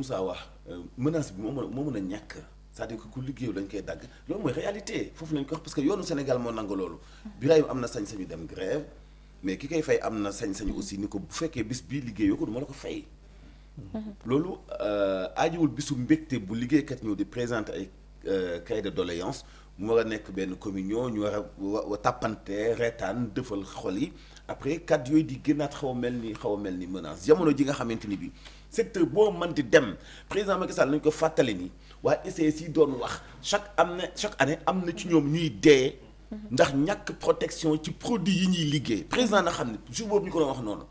Moussa wax euh, menace bi moo mën moo mën a ñàkk c'est-à-dire que ku liggéeyu dañ koy dagg loolu mooy réalité foofu lañ ko wax parce yoonu Sénégal moo nangu loolu. Birahim am na sañ-sañu dem grève mais ki koy fay am na sañ-sañu aussi ni ko bu fekkee bis bii liggéeyoo ko du ma la ko fay. Mm-hmm. loolu euh, aajiwul bisu mbégte bu liggéeykat ñëw di présenter Euh, cahier de doléance mu war a nekk benn communion ñu war a tàppante reetaan dëfal xol yi après kàddu yooyu di gënaat xaw a mel ni xaw a mel ni menace jamono ji nga xamante ni bi secteur boo man di dem président Macky Sall nañ ko fàttale nii waa ECS yi doon wax chaque am na chaque année am na ci ñoom ñuy dee ndax ñàkk protection ci produit yi ñuy liggéey président na xam ne jour boobu ñu ko doon wax noonu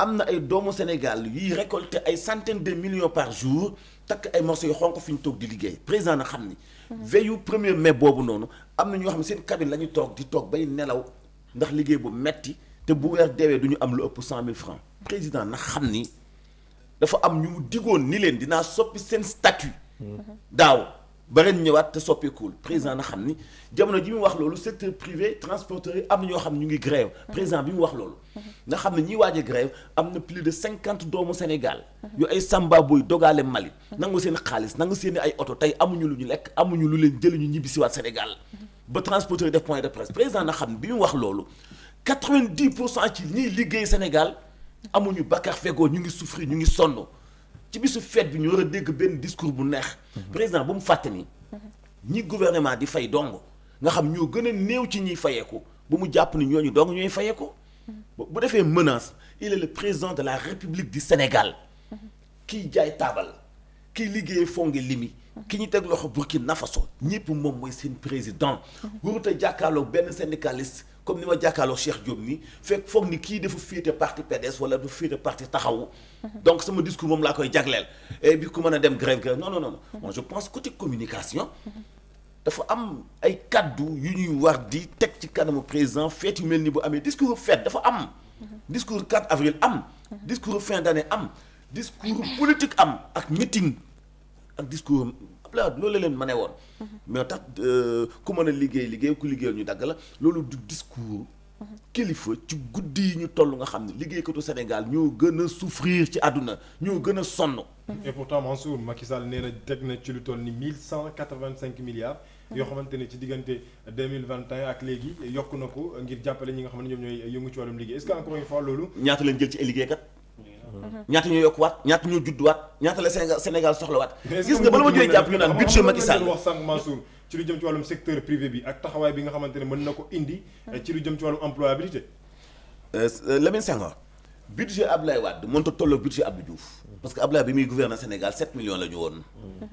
am na ay doomu Sénégal yuy récolter ay centaines de millions par jour takk ay morceaux yu xonk fi ñu toog di liggéey président na xam ni. veillu premier mais boobu noonu am na ñoo xam ne seen cabine la ñu toog di toog bay nelaw ndax liggéey bu metti te bu weer deewee du ñu am lu ëpp cent mille francs président na xam ni dafa am ñu mu ni leen dinaa soppi seen statut mm-hmm. daaw. ba ren ñëwaat te soppeekuwul président na xam ni jamono ji mu wax loolu secteur privé transporteur yi am na ñoo xam ne ñu ngi grève président bi mu wax loolu na xam ne ñi waaj a grève am na plus de cinquante doomu Sénégal yu ay samba boy dogaale Mali nangu seen xaalis nangu seen ay oto tey amuñu lu ñu lekk amuñu lu leen jëli ñu ñibbi ñibbisiwaat Sénégal ba transporteur yi def point de presse président na xam ne bi mu wax loolu quatre-vingt-dix cent ci ñiy liggéey Sénégal amuñu bakkaar fegoo ñu ngi souffrir ñu ngi sonn ci bisu fête bi ñu war a dégg benn discours bu neex. président bu mu fàtte ni. ñi gouvernement di fay dong nga xam ñoo gën a néew ci ñiy fayeeku bu mu jàpp ni ñooñu dong ñooy fayeeku. bu defee menace il est le président de la république du Sénégal. kiy jaay taabal. ki liggéey fongi limi ki ñu teg loxo Burkina Faso ñëpp moom mooy seen président warut a jàkkaarloo benn syndicaliste comme ni ma jàkkaarloo Cheikh Diop ni fekk foog ni kii dafa féete parti PDS wala dafa féete parti taxawu donc sama discours moom laa koy jagleel bi ku mën a dem grève grève non non non bon je pense côté communication dafa am ay kaddu yu ñuy war di teg ci kanamu président feet yu mel ni bu amee discours feet dafa am discours 4 avril am discours fin d'année am discours politique am ak meeting ak discours am Abdoulaye Wade loolu leen ma ne woon. Mhm. mais tax euh, ku mën a liggéey liggéey ku liggéeyal ñu dagg la loolu du discours. Mhm. kilifa ci guddi yi ñu toll nga xam ne liggéeykatu Sénégal ñoo gën a souffrir ci àdduna ñoo gën a sonn. Mhm. et pourtant Mansour Macky Sall nee na teg na ci lu toll ni mille cent quatre-vingt-cinq milliards. yoo xamante ne ci diggante deux mille ak léegi yokk na ko ngir jàppale ñi nga xam ñoom ñooy yëngu ci wàllum liggéey est encore une fois loolu. ñaata leen jël ci ay liggéeykat. Mhm. ñaata ñoo yokkuwaat ñaata ñoo judduwaat ñaata la Sénégal soxlawaat. gis nga bala ma jógee jàpp ñu naan budget Macky Sall wax sànq Mansour ci lu jëm ci wàllum secteur privé bi ak taxawaay bi nga xamante ne mën na ko indi. Mhm. ci lu jëm ci wàllum employabilité. Euh, euh, Lamine Senghor budget Abdoulaye Wade mënta tolloo budget Abdou Diouf parce que Abdoulaye bi muy gouverner Sénégal 7 millions la ñu woon. Mhm.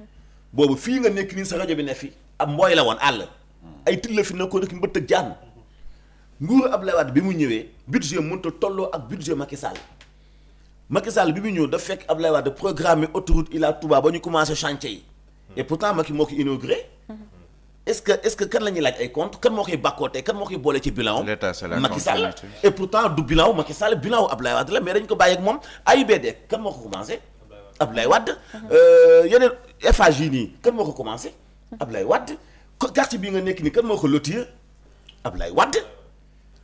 boobu fii nga nekk nii sa rajo bi ne fi ab mbooy la woon àll. ay till la fi nekkoon ak mbëtt ak jaan nguuru bi mu ñëwee budget mënta tolloo ak budget Macky Sall Macky Sall bi mu ñëw daf fekk Abdoulaye Wade programme autoroute Ila Touba ba ñu commencé chantier yi. et pourtant Macky moo ko inauguré. est que est-ce que kan la ñuy laaj ay compte kan moo koy bàkkootee kan moo koy boole ci bilan Macky Sall et pourtant du bilan Macky Sall bilan wu Abdoulaye Wade la mais dañ ko bàyyi ak moom AIBD kan moo ko commencé. Abdoulaye Wade euh, yeneen Eiffage yi nii kan moo ko commencé. Abdoulaye Wade quartier bi nga nekk nii kan moo ko lotir Abdoulaye Wade.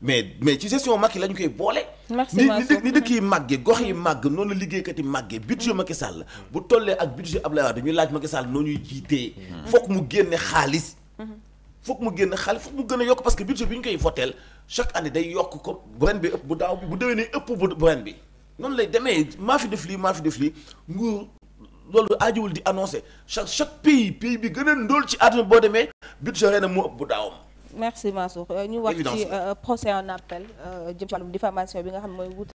mais mais ci gestion Macky la ñu koy boole. ni ni dëkk yi màggee gox yi màgg noonu la liggéeykat yi màggee budget Macky Sall bu tollee ak budget Abdoulaye Wade ñu laaj Macky Sall noo ñuy jiitee. Mhm. foog mu génne xaalis. Mhm. foog mu génn xaalis foog mu gën a yokk parce que budget bi ñu koy voteel chaque année day yokk ko bu ren bi ëpp bu daaw bi bu déwénee ëpp bi noonu lay demee maa fi def lii maa fi def lii nguur loolu aajowul di annoncé chaque chaque pays pays bi gën a ndóol ci àdduna boo demee budget ren moo ëpp bu daawam. merci Mansour euh, ñu wax ci euh, procès en appel euh, jëm ci wàllum diffamation bi nga xam mooy wut